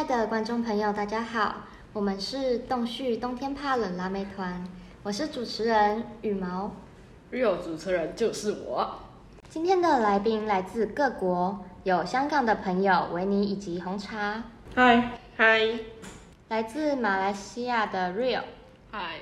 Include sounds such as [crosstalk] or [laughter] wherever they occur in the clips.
親愛的觀眾朋友，大家好，我們是動畜冬天怕冷辣妹團，我是主持人羽毛，Rio 主持人就是我。今天的來賓來自各國，有香港的朋友維尼以及紅茶，嗨嗨，來自馬來西亞的 Rio，嗨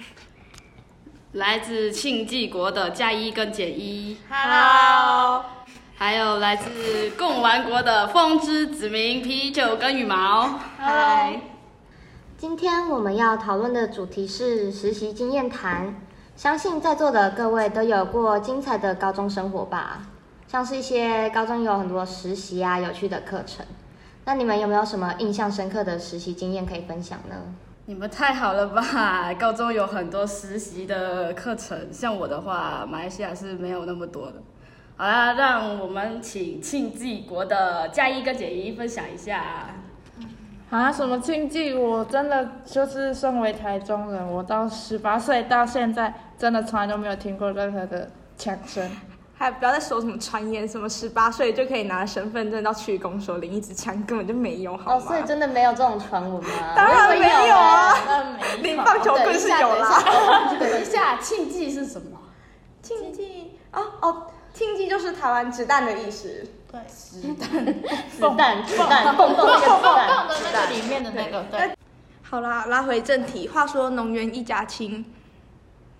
，Hi. [laughs] 來自慶記國的加一跟減一，Hello 還有來自貢丸國的風之子民啤酒跟羽毛，嗨 Hi！今天我們要討論的主題是實習經驗談。相信在座的各位都有過精彩的高中生活吧？像是一些高中有很多實習啊、有趣的課程。那你們有沒有什麼印象深刻的實習經驗可以分享呢？你們太好了吧！高中有很多實習的課程，像我的話，馬來西亞是沒有那麼多的。好啦，讓我們請慶記國的加一跟減一分享一下啊！什麼慶記？我真的就是身為台中人，我到十八歲到現在，真的從來都沒有聽過任何的槍聲。還不要再說什麼傳言，什麼十八歲就可以拿身份證到區公所領一支槍，根本就沒有。好、哦，所以真的沒有這種傳聞嗎？當然沒有啊！領、啊啊、棒球棍是有啦。等一下，慶記是什麼？慶記啊！哦。青雞就是台灣子彈的意思。對，子彈，子彈， [laughs] 子彈，蹦蹦的那個子彈裡面的那個。對,對，好啦，拉回正題。話說農園一家親，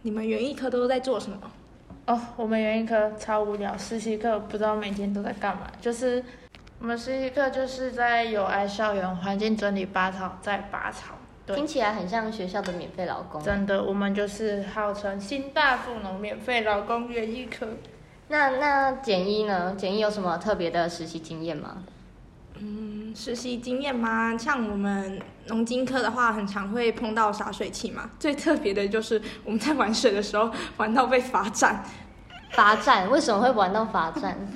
你們園藝科都在做什麼？哦，我們園藝科超無聊，實習課不知道每天都在幹嘛，就是我們實習課就是在友愛校園環境整理，拔草在拔草。對聽起來很像學校的免費勞工。真的，我們就是號稱新大附農免費勞工園藝科。那那減1呢？減1有什麼特別的實習經驗嗎？嗯，實習經驗嗎？像我們農經科的話，很常會碰到灑水器嘛。最特別的就是我們在玩水的時候，玩到被罰站。罰站？為什麼會玩到罰站？ [laughs]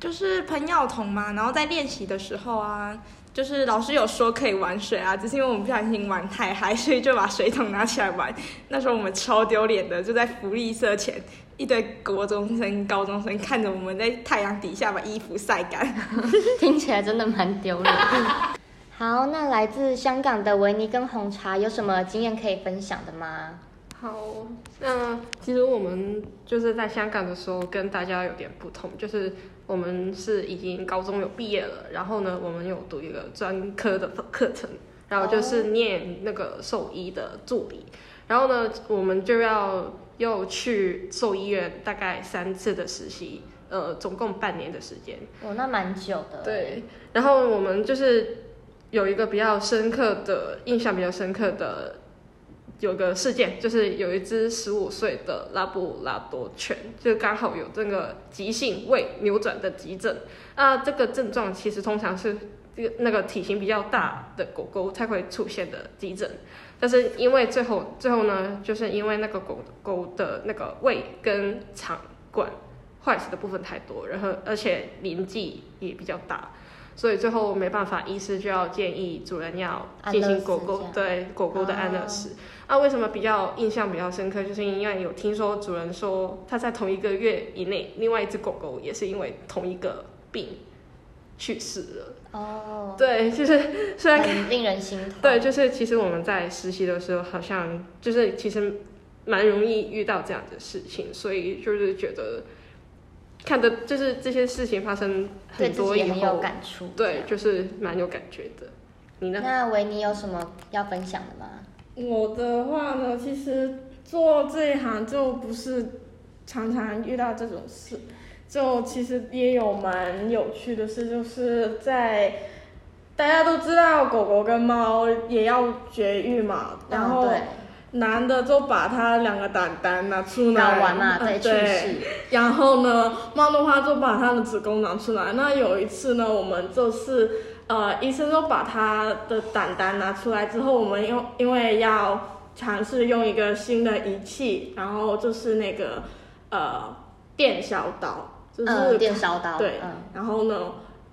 就是噴藥桶嘛。然後在練習的時候啊，就是老師有說可以玩水啊，只是因為我們不小心玩太嗨，所以就把水桶拿起來玩。那時候我們超丟臉的，就在福利社前。一堆國中生、高中生看着我們在太陽底下把衣服曬乾，聽起來真的蠻丟人。好，那來自香港的維尼跟紅茶有什麼經驗可以分享的嗎？好，那其實我們就是在香港的時候跟大家有點不同，就是我們是已經高中有畢業了，然後呢，我們有讀一個專科的課程，然後就是念那個獸醫的助理，oh. 然後呢，我們就要。又去獸醫院大概三次的實習，呃，總共半年的時間。哦，那蠻久的。對，然後我們就是有一個比較深刻的，印象比較深刻的有個事件，就是有一隻十五歲的拉布拉多犬，就剛好有這個急性胃扭轉的急診。啊，這個症狀其實通常是那個體型比較大的狗狗才會出現的急診。但是因為最後最後呢，就是因為那個狗狗的那個胃跟腸管壞死的部分太多，然後而且年紀也比較大，所以最後沒辦法，醫師就要建議主人要進行狗狗對狗狗的安樂死。哦、啊，為什麼比較印象比較深刻，就是因為有聽說主人說他在同一個月以內，另外一隻狗狗也是因為同一個病，去世了哦，oh, 對，就是雖然令人心痛。對，就是其實我們在實習的時候，好像就是其實蠻容易遇到這樣的事情，所以就是覺得看的就是這些事情發生很多以後，對，也很有感觸。對，就是蠻有感覺的。你呢？那維尼有什麼要分享的嗎？我的話呢，其實做這一行就不是常常遇到這種事。就其實也有蠻有趣的事，就是在大家都知道狗狗跟貓也要絕育嘛，啊、然後男的就把它兩個蛋蛋拿出來，打完，啊、再、嗯、然後呢，貓的話就把它的子宮拿出來。那有一次呢，我們就是呃，醫生都把它的蛋蛋拿出來之後，我們用因為要嘗試用一個新的儀器，然後就是那個呃電燒刀。就是、嗯、電燒刀，對，嗯、然後呢，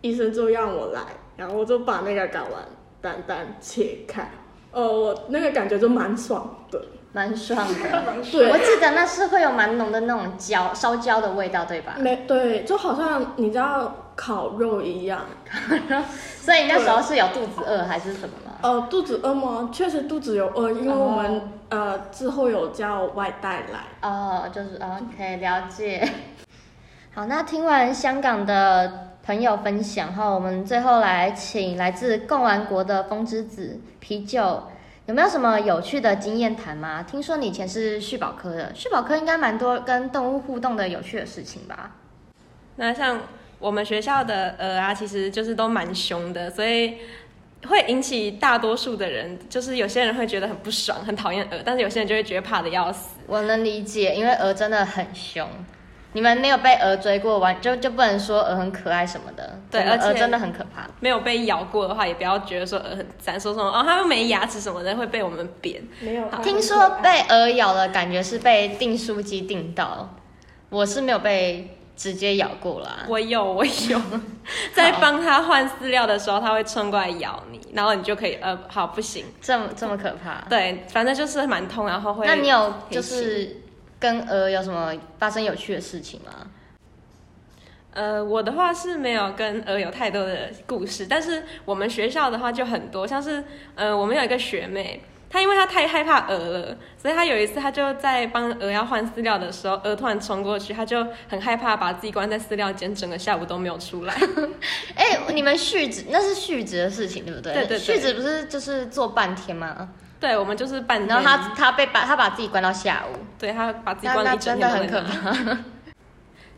醫生就讓我來，然後我就把那個睪丸，蛋蛋切開，呃我那個感覺就蠻爽的，蠻爽的，爽的 [laughs] 對，我記得那是會有蠻濃的那種焦燒焦的味道，對吧？沒，對，就好像你知道烤肉一樣， [laughs] 所以那時候對是有肚子餓還是什麼嗎？哦、呃，肚子餓嗎？確實肚子有餓，因為我們、嗯、哼呃之後有叫外帶來，哦，就是哦，可、okay, 以了解。好，那聽完香港的朋友分享後，我們最後來請來自貢丸國的風之子啤酒，有沒有什麼有趣的經驗談嗎？聽說你以前是畜保科的，畜保科應該蠻多跟動物互動的有趣的事情吧？那像我們學校的鵝啊，其實就是都蠻凶的，所以會引起大多數的人，就是有些人會覺得很不爽，很討厭鵝，但是有些人就會覺得怕得要死。我能理解，因為鵝真的很凶。你們沒有被鵝追過完，完就就不能說鵝很可愛什麼的。對，而且真的很可怕。沒有被咬過的話，也不要覺得說鵝很讚，說什麼哦，它又沒牙齒什麼的會被我們扁。沒有、嗯，好聽說被鵝咬了，嗯、感覺是被訂書機訂到。我是沒有被直接咬過啦。我有，我有， [laughs] 好在幫他換飼料的時候，他會衝過來咬你，然後你就可以呃，好，不行，這麼這麼可怕。對，反正就是蠻痛，然後會。那你有就是？跟鵝有什麼發生有趣的事情嗎？呃，我的話是沒有跟鵝有太多的故事，但是我們學校的話就很多，像是呃，我們有一個學妹，她因為她太害怕鵝了，所以她有一次她就在幫鵝要換飼料的時候，鵝突然衝過去，她就很害怕，把自己關在飼料間，整個下午都沒有出來。哎、 [laughs] 欸，你們續職那是續職的事情，對不對？對對對，續職不是就是做半天嗎？對，我們就是半天。然後他他被把他把自己關到下午，對，他把自己關了一整天。真的很可怕。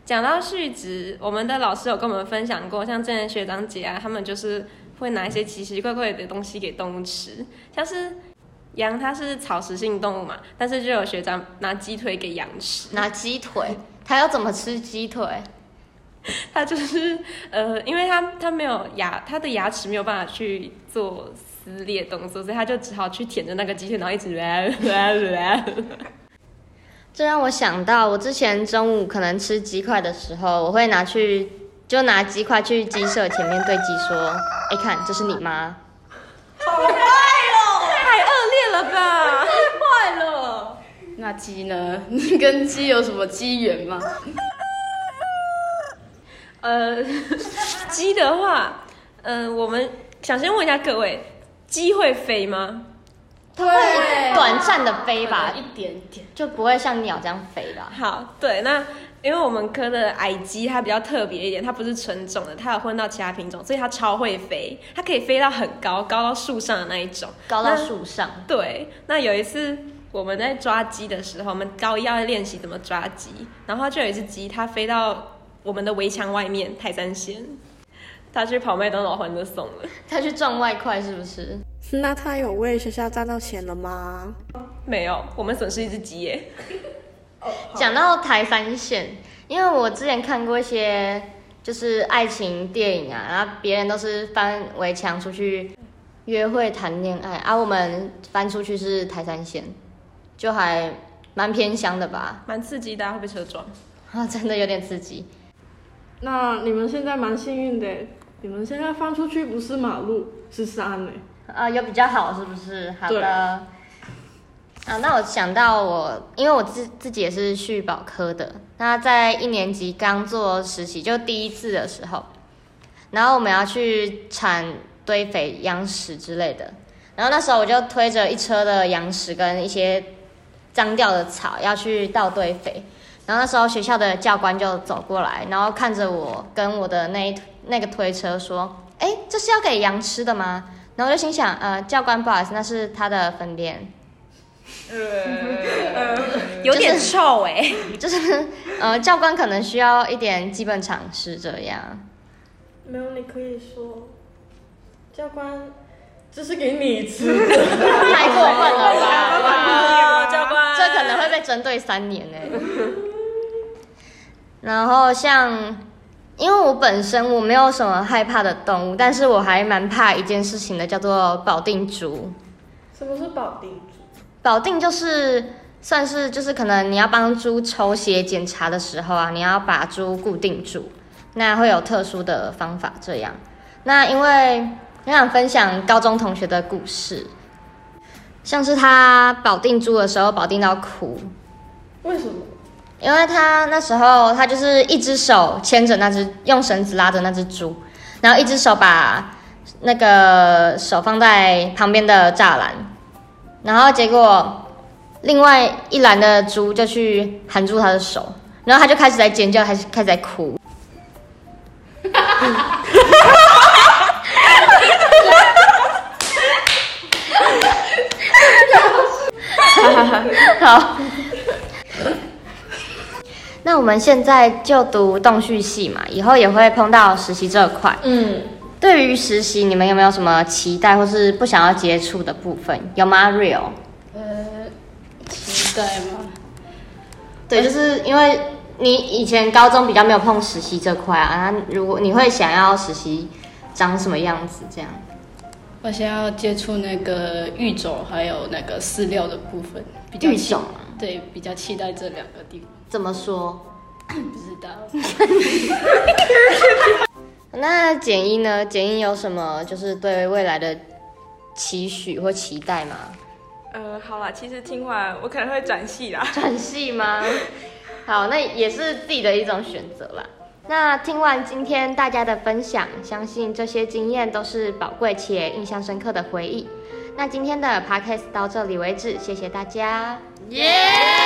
講到續職，我們的老師有跟我們分享過，像之前學長姐啊，他們就是會拿一些奇奇怪怪的東西給動物吃，像是羊，它是草食性動物嘛，但是就有學長拿雞腿給羊吃。拿雞腿？他要怎麼吃雞腿？他就是呃，因為他他沒有牙，他的牙齒沒有辦法去做。撕裂動作，所以他就只好去舔着那個雞腿，然後一直啦啦啦。這讓我想到，我之前中午可能吃雞塊的時候，我會拿去，就拿雞塊去雞舍前面對雞說：“哎、欸，看，這是你媽。”好壞了！ [laughs] 太惡劣了吧？壞了！那雞呢？你跟雞有什麼機緣嗎？ [laughs] 呃，雞的話，嗯、呃，我們想先問一下各位。雞會飛嗎？對啊，它會短暫的飛吧，一點點，就不會像鳥這樣飛的。好，對，那因為我們科的矮雞它比較特別一點，它不是純種的，它有混到其他品種，所以它超會飛，它可以飛到很高，高到樹上的那一種，高到樹上。對，那有一次我們在抓雞的時候，我們高一要練習怎麼抓雞，然後就有一只雞它飛到我們的圍牆外面，台三線。他去跑麥當勞歡樂送了，他去賺外快是不是？那他有為學校賺到錢了嗎？沒有，我們損失一只雞耶。 [laughs] 哦、講到台三線，因為我之前看過一些就是愛情電影啊，然後別人都是翻圍牆出去約會談戀愛，啊，我們翻出去是台三線，就還蠻偏鄉的吧，蠻刺激的，會被車撞，啊，真的有點刺激。那你們現在蠻幸運的。你們現在放出去不是馬路，是山誒、欸。啊，有比較好是不是？好的。對啊，那我想到我，因為我自自己也是畜牧科的，那在一年級剛做實習就第一次的時候，然後我們要去鏟堆肥、羊屎之類的，然後那時候我就推着一車的羊屎跟一些髒掉的草要去倒堆肥。然後那時候學校的教官就走過來，然後看着我跟我的那一那個推車說：“哎，這是要給羊吃的嗎？”然後我就心想：“呃，教官不好意思，那是他的糞便。”呃，有點臭哎、欸，就是呃，教官可能需要一點基本常識這樣。沒有你可以說，教官，這是給你吃的，太 [laughs] 過分了吧， [laughs] 教官，這可能會被針對三年哎、欸。 [laughs] 然後像，因為我本身我沒有什麼害怕的動物，但是我還蠻怕一件事情的，叫做保定豬。什麼是保定豬？保定就是算是就是可能你要幫豬抽血檢查的時候啊，你要把豬固定住，那會有特殊的方法這樣。那因為我想分享高中同學的故事，像是他保定豬的時候保定到哭，為什麼？因為他那時候，他就是一隻手牽着那只用繩子拉着那隻豬，然後一隻手把那個手放在旁邊的柵欄，然後結果另外一欄的豬就去含住他的手，然後他就開始在尖叫，還是開始在哭。哈哈哈。好。我們現在就讀動畜系嘛，以後也會碰到實習這塊。嗯，對於實習，你們有沒有什麼期待，或是不想要接觸的部分？有嗎？Rio？呃，期待嗎？ [laughs] 對，就是因為你以前高中比較沒有碰實習這塊啊。那如果你會想要實習長什麼樣子？這樣，我想要接觸那個育種，還有那個飼料的部分。比育種，啊？對，比較期待這兩個地方。怎麼說？不知道。 [laughs] [laughs] 那減一呢？減一有什麼就是對未來的期許或期待嗎？呃，好啦，其實聽完我可能會轉系啦。轉系嗎？好，那也是自己的一種選擇啦。那聽完今天大家的分享，相信這些經驗都是寶貴且印象深刻的回憶。那今天的 podcast 到這裡為止，謝謝大家。耶！Yeah!